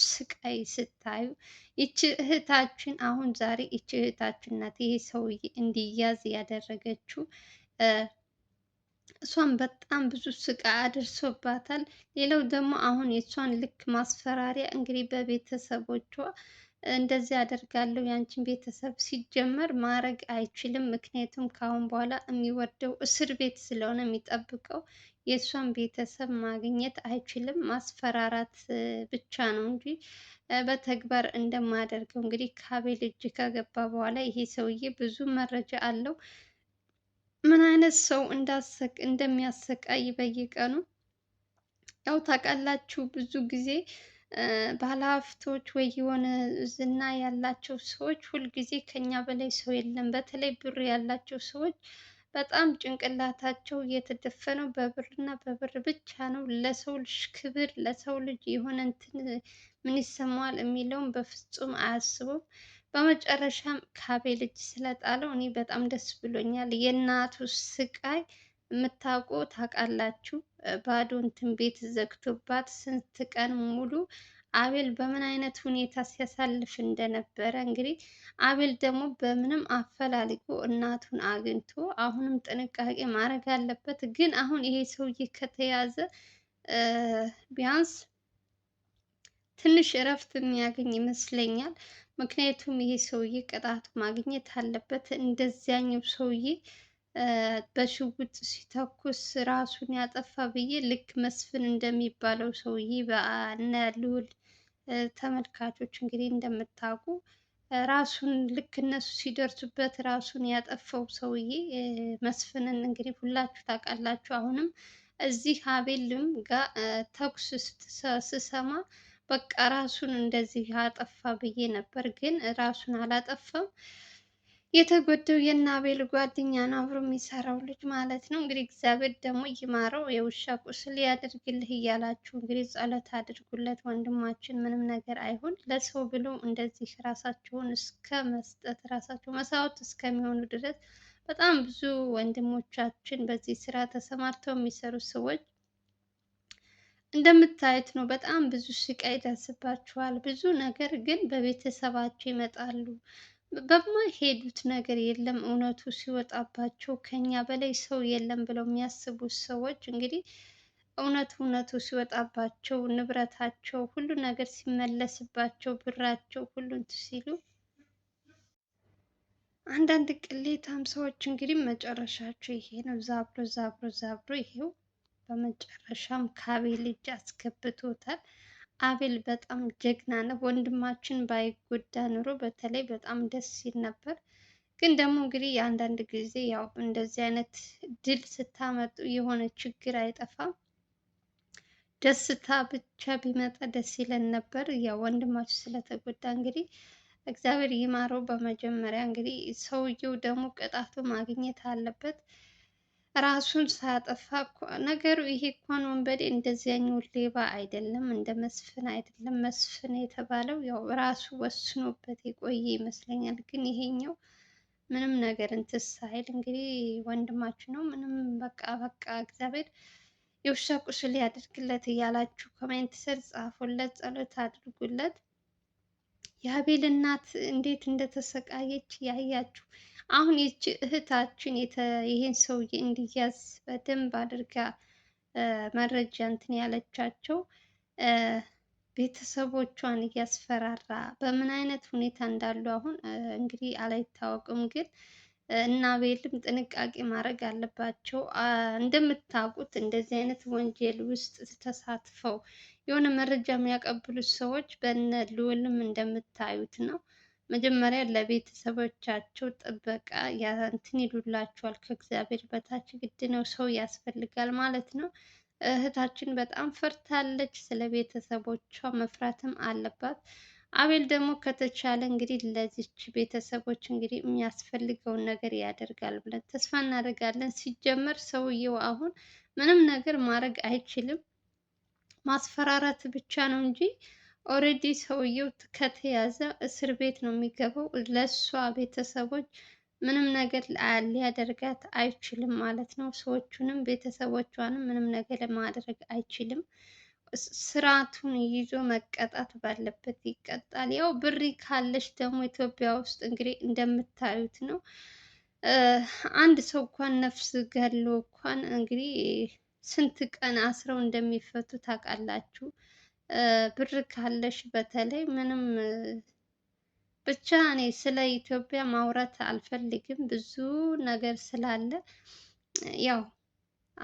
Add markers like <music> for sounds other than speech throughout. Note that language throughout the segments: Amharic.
ስቃይ ስታዩ ይቺ እህታችን አሁን ዛሬ ይቺ እህታችን ናት ይሄ ሰውዬ እንዲያዝ ያደረገችው። እሷን በጣም ብዙ ስቃይ አድርሶባታል። ሌላው ደግሞ አሁን የእሷን ልክ ማስፈራሪያ እንግዲህ በቤተሰቦቿ እንደዚህ አደርጋለሁ ያንቺን ቤተሰብ ሲጀመር ማድረግ አይችልም። ምክንያቱም ከአሁን በኋላ የሚወርደው እስር ቤት ስለሆነ የሚጠብቀው የእሷን ቤተሰብ ማግኘት አይችልም። ማስፈራራት ብቻ ነው እንጂ በተግባር እንደማያደርገው እንግዲህ ከአቤል እጅ ከገባ በኋላ ይሄ ሰውዬ ብዙ መረጃ አለው። ምን አይነት ሰው እንደሚያሰቃይ በየቀኑ ያው ታውቃላችሁ። ብዙ ጊዜ ባለሀብቶች ወይ የሆነ ዝና ያላቸው ሰዎች ሁልጊዜ ከኛ በላይ ሰው የለም፣ በተለይ ብር ያላቸው ሰዎች በጣም ጭንቅላታቸው እየተደፈነው በብርና በብር ብቻ ነው። ለሰው ልጅ ክብር፣ ለሰው ልጅ የሆነ እንትን ምን ይሰማዋል የሚለውን በፍጹም አያስቡም። በመጨረሻም ካቤ ልጅ ስለጣለው እኔ በጣም ደስ ብሎኛል። የእናቱ ስቃይ የምታውቁ ታውቃላችሁ። ባዶ እንትን ቤት ዘግቶባት ስንት ቀን ሙሉ አቤል በምን አይነት ሁኔታ ሲያሳልፍ እንደነበረ እንግዲህ አቤል ደግሞ በምንም አፈላልጎ እናቱን አግኝቶ አሁንም ጥንቃቄ ማድረግ አለበት። ግን አሁን ይሄ ሰውዬ ከተያዘ ቢያንስ ትንሽ እረፍት የሚያገኝ ይመስለኛል። ምክንያቱም ይሄ ሰውዬ ቅጣቱ ማግኘት አለበት። እንደዚያኛው ሰውዬ በሽጉጥ ሲተኩስ ራሱን ያጠፋ ብዬ ልክ መስፍን እንደሚባለው ሰውዬ በነ ልዑል ተመልካቾች እንግዲህ እንደምታውቁ ራሱን ልክ እነሱ ሲደርሱበት ራሱን ያጠፋው ሰውዬ መስፍንን እንግዲህ ሁላችሁ ታውቃላችሁ። አሁንም እዚህ አቤልም ጋር ተኩስ ስሰማ በቃ ራሱን እንደዚህ አጠፋ ብዬ ነበር፣ ግን ራሱን አላጠፋም። የተጎደው የናቤል ጓደኛ ነው አብሮ የሚሰራው ልጅ ማለት ነው። እንግዲህ እግዚአብሔር ደግሞ ይማረው የውሻ ቁስል ያድርግልህ እያላችሁ እንግዲህ ጸሎት አድርጉለት ወንድማችን፣ ምንም ነገር አይሆን። ለሰው ብሎ እንደዚህ ራሳችሁን እስከ መስጠት ራሳቸው መስዋዕት እስከሚሆኑ ድረስ በጣም ብዙ ወንድሞቻችን በዚህ ስራ ተሰማርተው የሚሰሩ ሰዎች እንደምታዩት ነው። በጣም ብዙ ስቃይ ደርስባቸዋል። ብዙ ነገር ግን በቤተሰባቸው ይመጣሉ። በማይሄዱት ነገር የለም። እውነቱ ሲወጣባቸው ከኛ በላይ ሰው የለም ብለው የሚያስቡት ሰዎች እንግዲህ እውነት እውነቱ ሲወጣባቸው ንብረታቸው ሁሉ ነገር ሲመለስባቸው ብራቸው ሁሉን ሲሉ አንዳንድ ቅሌታም ሰዎች እንግዲህ መጨረሻቸው ይሄ ነው። ዛብሮ ዛብሮ ዛብሮ ይሄው በመጨረሻም ካቤ ልጅ አስገብቶታል። አቤል በጣም ጀግና ነው። ወንድማችን ባይጎዳ ኑሮ በተለይ በጣም ደስ ሲል ነበር። ግን ደግሞ እንግዲህ አንዳንድ ጊዜ ያው እንደዚህ አይነት ድል ስታመጡ የሆነ ችግር አይጠፋም። ደስታ ብቻ ቢመጣ ደስ ይለን ነበር። ያው ወንድማችን ስለተጎዳ እንግዲህ እግዚአብሔር ይማረው። በመጀመሪያ እንግዲህ ሰውየው ደግሞ ቅጣቱ ማግኘት አለበት። ራሱን ሳጠፋ ነገሩ ይሄ እንኳን ወንበዴ እንደዚያኛው ሌባ አይደለም፣ እንደ መስፍን አይደለም። መስፍን የተባለው ያው ራሱ ወስኖበት የቆየ ይመስለኛል። ግን ይሄኛው ምንም ነገር እንትን ሳይል እንግዲህ ወንድማችሁ ነው። ምንም በቃ በቃ እግዚአብሔር የውሻ ቁስል ያድርግለት እያላችሁ ኮሜንት ስር ጻፉለት፣ ጸሎት አድርጉለት። የአቤል እናት እንዴት እንደተሰቃየች ያያችሁ አሁን ይቺ እህታችን ይህን ሰውዬ እንዲያዝ በደንብ አድርጋ መረጃ እንትን ያለቻቸው ቤተሰቦቿን እያስፈራራ በምን አይነት ሁኔታ እንዳሉ አሁን እንግዲህ አላይታወቅም። ግን እና ቤልም ጥንቃቄ ማድረግ አለባቸው። እንደምታውቁት እንደዚህ አይነት ወንጀል ውስጥ ተሳትፈው የሆነ መረጃ የሚያቀብሉት ሰዎች በነ ልዑልም እንደምታዩት ነው። መጀመሪያ ለቤተሰቦቻቸው ጥበቃ እንትን ይሉላቸዋል። ከእግዚአብሔር በታች ግድ ነው ሰው ያስፈልጋል ማለት ነው። እህታችን በጣም ፈርታለች። ስለ ቤተሰቦቿ መፍራትም አለባት። አቤል ደግሞ ከተቻለ እንግዲህ ለዚች ቤተሰቦች እንግዲህ የሚያስፈልገውን ነገር ያደርጋል ብለን ተስፋ እናደርጋለን። ሲጀመር ሰውየው አሁን ምንም ነገር ማድረግ አይችልም። ማስፈራራት ብቻ ነው እንጂ ኦልሬዲ ሰውየው ከተያዘ እስር ቤት ነው የሚገባው። ለእሷ ቤተሰቦች ምንም ነገር ሊያደርጋት አይችልም ማለት ነው። ሰዎቹንም ቤተሰቦቿንም ምንም ነገር ማድረግ አይችልም። ስርዓቱን ይዞ መቀጣት ባለበት ይቀጣል። ያው ብሪ ካለች ደግሞ ኢትዮጵያ ውስጥ እንግዲህ እንደምታዩት ነው። አንድ ሰው እንኳን ነፍስ ገሎ እንኳን እንግዲህ ስንት ቀን አስረው እንደሚፈቱ ታውቃላችሁ። ብር ካለሽ በተለይ ምንም ብቻ እኔ ስለ ኢትዮጵያ ማውራት አልፈልግም። ብዙ ነገር ስላለ ያው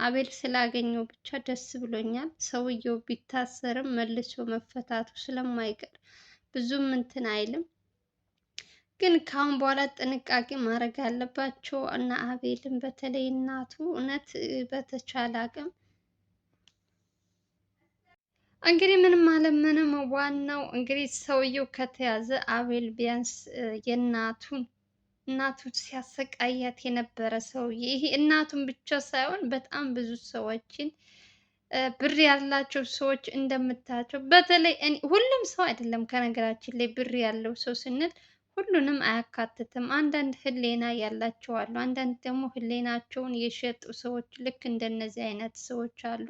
አቤል ስላገኘው ብቻ ደስ ብሎኛል። ሰውየው ቢታሰርም መልሶ መፈታቱ ስለማይቀር ብዙም እንትን አይልም። ግን ከአሁን በኋላ ጥንቃቄ ማድረግ አለባቸው እና አቤልም በተለይ እናቱ እውነት በተቻለ አቅም እንግዲህ ምንም አለ ምንም፣ ዋናው እንግዲህ ሰውየው ከተያዘ አቤል ቢያንስ የእናቱን እናቱ ሲያሰቃያት የነበረ ሰውዬ ይሄ እናቱን ብቻ ሳይሆን በጣም ብዙ ሰዎችን ብር ያላቸው ሰዎች እንደምታቸው፣ በተለይ ሁሉም ሰው አይደለም ከነገራችን ላይ ብር ያለው ሰው ስንል ሁሉንም አያካትትም። አንዳንድ ህሌና ያላቸው አሉ። አንዳንድ ደግሞ ህሌናቸውን የሸጡ ሰዎች ልክ እንደነዚህ አይነት ሰዎች አሉ።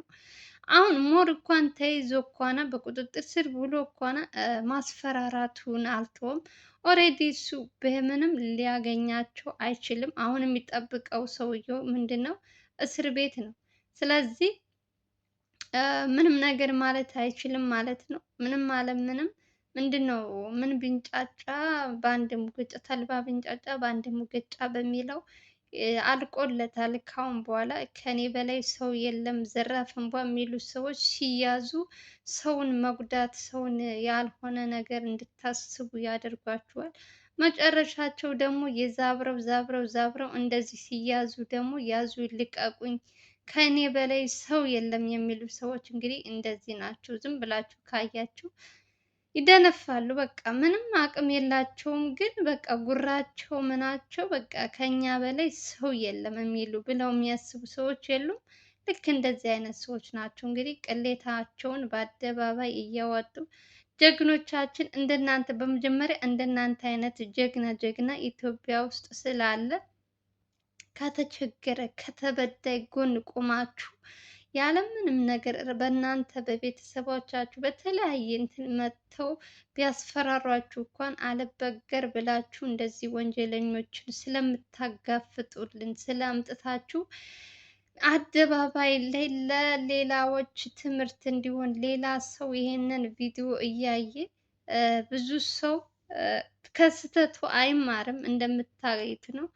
አሁን ሞር እንኳን ተይዞ እንኳን በቁጥጥር ስር ውሎ እንኳን ማስፈራራቱን አልተወም። ኦሬዲ እሱ በምንም ሊያገኛቸው አይችልም። አሁን የሚጠብቀው ሰውየው ምንድን ነው? እስር ቤት ነው። ስለዚህ ምንም ነገር ማለት አይችልም ማለት ነው። ምንም አለ ምንም ምንድን ነው ምን ብንጫጫ በአንድ ሙገጫ፣ ተልባ ብንጫጫ በአንድ ሙገጫ በሚለው አልቆለታል። ካሁን በኋላ ከኔ በላይ ሰው የለም ዘራፍ እንኳ የሚሉ ሰዎች ሲያዙ ሰውን መጉዳት፣ ሰውን ያልሆነ ነገር እንድታስቡ ያደርጓቸዋል። መጨረሻቸው ደግሞ የዛብረው ዛብረው ዛብረው እንደዚህ ሲያዙ ደግሞ ያዙ ልቀቁኝ ከእኔ በላይ ሰው የለም የሚሉ ሰዎች እንግዲህ እንደዚህ ናቸው። ዝም ብላችሁ ካያችሁ ይደነፋሉ። በቃ ምንም አቅም የላቸውም፣ ግን በቃ ጉራቸው ምናቸው በቃ ከኛ በላይ ሰው የለም የሚሉ ብለው የሚያስቡ ሰዎች የሉም። ልክ እንደዚህ አይነት ሰዎች ናቸው። እንግዲህ ቅሌታቸውን በአደባባይ እያወጡ ጀግኖቻችን እንደናንተ በመጀመሪያ እንደናንተ አይነት ጀግና ጀግና ኢትዮጵያ ውስጥ ስላለ ከተቸገረ ከተበዳይ ጎን ቆማችሁ ያለምንም ነገር በእናንተ በቤተሰቦቻችሁ በተለያየ እንትን መጥተው ቢያስፈራሯችሁ እንኳን አለበገር ብላችሁ እንደዚህ ወንጀለኞችን ስለምታጋፍጡልን ስላምጥታችሁ አደባባይ ላይ ለሌላዎች ትምህርት እንዲሆን ሌላ ሰው ይሄንን ቪዲዮ እያየ ብዙ ሰው ከስተቱ አይማርም። እንደምታዩት ነው።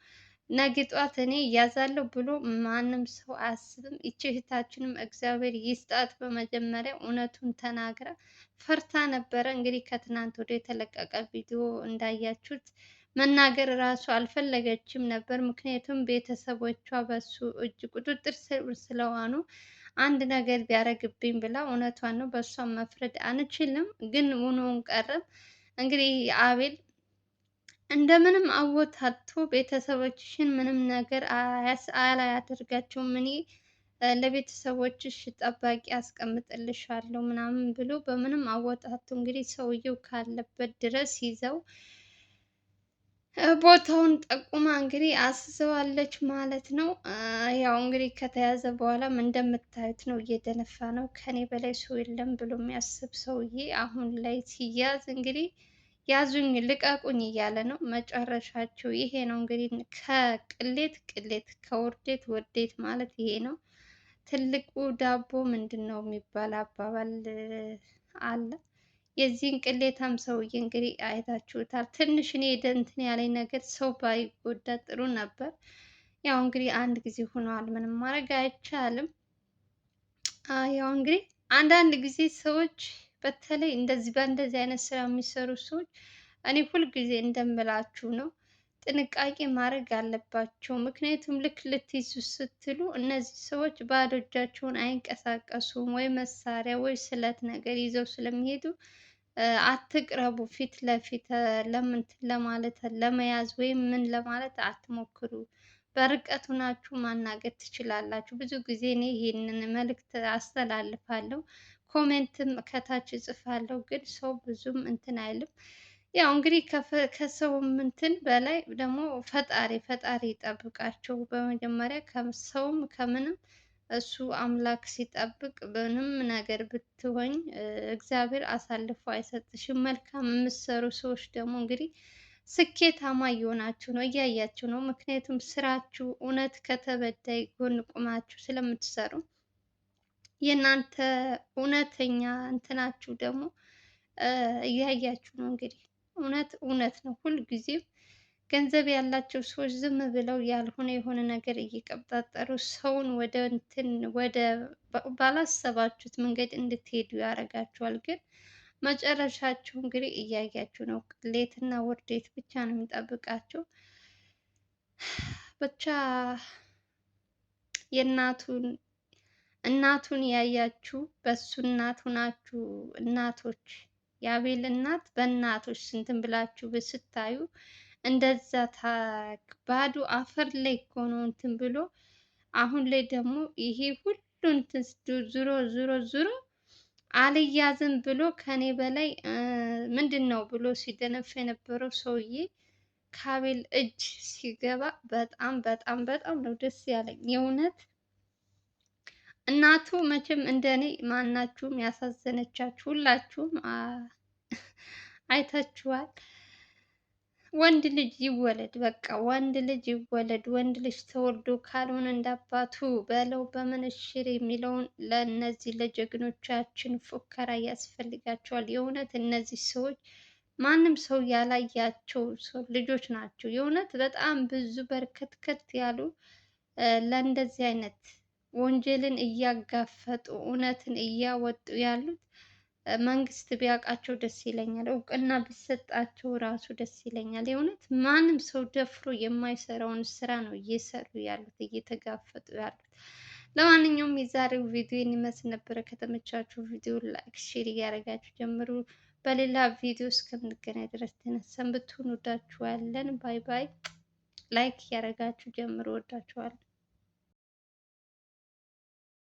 ነገ ጧት እኔ እያዛለሁ ብሎ ማንም ሰው አያስብም። ይቺ እህታችንም እግዚአብሔር ይስጣት። በመጀመሪያ እውነቱን ተናግራ ፈርታ ነበረ። እንግዲህ ከትናንት ወደ የተለቀቀ ቪዲዮ እንዳያችሁት መናገር ራሱ አልፈለገችም ነበር። ምክንያቱም ቤተሰቦቿ በሱ እጅ ቁጥጥር ስር ስለዋኑ አንድ ነገር ቢያደርግብኝ ብላ እውነቷን ነው። በእሷ መፍረድ አንችልም፣ ግን ሆኖም ቀረም እንግዲህ አቤል እንደምንም አወታቶ ቤተሰቦችሽን ምንም ነገር አላያደርጋቸውም። እኔ ለቤተሰቦችሽ ጠባቂ አስቀምጥልሻለሁ ምናምን ብሎ በምንም አወጣቱ እንግዲህ ሰውየው ካለበት ድረስ ይዘው ቦታውን ጠቁማ እንግዲህ አስዘዋለች ማለት ነው። ያው እንግዲህ ከተያዘ በኋላም እንደምታዩት ነው፣ እየደነፋ ነው። ከኔ በላይ ሰው የለም ብሎ የሚያስብ ሰውዬ አሁን ላይ ሲያዝ እንግዲህ ያዙኝ ልቀቁኝ እያለ ነው። መጨረሻቸው ይሄ ነው እንግዲህ ከቅሌት ቅሌት ከውርዴት ውርዴት ማለት ይሄ ነው። ትልቁ ዳቦ ምንድን ነው የሚባል አባባል አለ። የዚህን ቅሌታም ሰውዬ እንግዲህ አይታችሁታል። ትንሽ እኔ እንትን ያለኝ ነገር ሰው ባይጎዳ ጥሩ ነበር። ያው እንግዲህ አንድ ጊዜ ሆኗል፣ ምንም ማድረግ አይቻልም። ያው እንግዲህ አንዳንድ ጊዜ ሰዎች በተለይ እንደዚህ በእንደዚህ አይነት ስራ የሚሰሩ ሰዎች እኔ ሁልጊዜ እንደምላችሁ ነው ጥንቃቄ ማድረግ አለባቸው። ምክንያቱም ልክ ልትይዙ ስትሉ እነዚህ ሰዎች ባዶ እጃቸውን አይንቀሳቀሱም። ወይ መሳሪያ ወይ ስለት ነገር ይዘው ስለሚሄዱ አትቅረቡ። ፊት ለፊት ለምን ለማለት ለመያዝ ወይም ምን ለማለት አትሞክሩ። በርቀቱ ናችሁ ማናገር ትችላላችሁ። ብዙ ጊዜ እኔ ይህንን መልእክት አስተላልፋለሁ። ኮሜንትም ከታች እጽፋለሁ፣ ግን ሰው ብዙም እንትን አይልም። ያው እንግዲህ ከሰውም እንትን በላይ ደግሞ ፈጣሪ ፈጣሪ ይጠብቃቸው። በመጀመሪያ ከሰውም ከምንም እሱ አምላክ ሲጠብቅ ምንም ነገር ብትሆኝ እግዚአብሔር አሳልፎ አይሰጥሽም። መልካም የምትሰሩ ሰዎች ደግሞ እንግዲህ ስኬታማ እየሆናችሁ ነው፣ እያያችሁ ነው። ምክንያቱም ስራችሁ እውነት ከተበዳይ ጎን ቁማችሁ ስለምትሰሩ የእናንተ እውነተኛ እንትናችሁ ደግሞ እያያችሁ ነው እንግዲህ እውነት እውነት ነው። ሁልጊዜም ገንዘብ ያላቸው ሰዎች ዝም ብለው ያልሆነ የሆነ ነገር እየቀጣጠሩ ሰውን ወደ እንትን ወደ ባላሰባችሁት መንገድ እንድትሄዱ ያደርጋችኋል። ግን መጨረሻችሁ እንግዲህ እያያችሁ ነው። ሌትና ውርዴት ብቻ ነው የሚጠብቃቸው። ብቻ የእናቱን እናቱን ያያችሁ በሱ እናት ሁናችሁ እናቶች የአቤል እናት በእናቶች ስንትን ብላችሁ ስታዩ እንደዛ ታክ ባዶ አፈር ላይ እኮ ነው እንትን ብሎ አሁን ላይ ደግሞ ይሄ ሁሉ እንትን ዙሮ ዙሮ ዙሮ አልያዝም ብሎ ከኔ በላይ ምንድን ነው ብሎ ሲደነፍ የነበረው ሰውዬ ከአቤል እጅ ሲገባ በጣም በጣም በጣም ነው ደስ ያለኝ የእውነት እናቱ መቼም እንደኔ ማናችሁም ያሳዘነቻችሁ ሁላችሁም <laughs> አይታችኋል። ወንድ ልጅ ይወለድ፣ በቃ ወንድ ልጅ ይወለድ። ወንድ ልጅ ተወልዶ ካልሆነ እንዳባቱ በለው በመነሽር የሚለውን ለእነዚህ ለጀግኖቻችን ፉከራ ያስፈልጋቸዋል። የእውነት እነዚህ ሰዎች ማንም ሰው ያላያቸው ልጆች ናቸው። የእውነት በጣም ብዙ በርከትከት ያሉ ለእንደዚህ አይነት ወንጀልን እያጋፈጡ እውነትን እያወጡ ያሉት መንግስት ቢያውቃቸው ደስ ይለኛል። እውቅና ቢሰጣቸው ራሱ ደስ ይለኛል። የእውነት ማንም ሰው ደፍሮ የማይሰራውን ስራ ነው እየሰሩ ያሉት እየተጋፈጡ ያሉት። ለማንኛውም የዛሬው ቪዲዮ ይመስል ነበረ። ከተመቻችሁ ቪዲዮ ላይክ፣ ሼር እያደረጋችሁ ጀምሩ። በሌላ ቪዲዮ እስከምንገናኝ ድረስ ተነሰን ብትሆን ወዳችኋለን። ባይ ባይ። ላይክ እያደረጋችሁ ጀምሩ። ወዳችኋለን።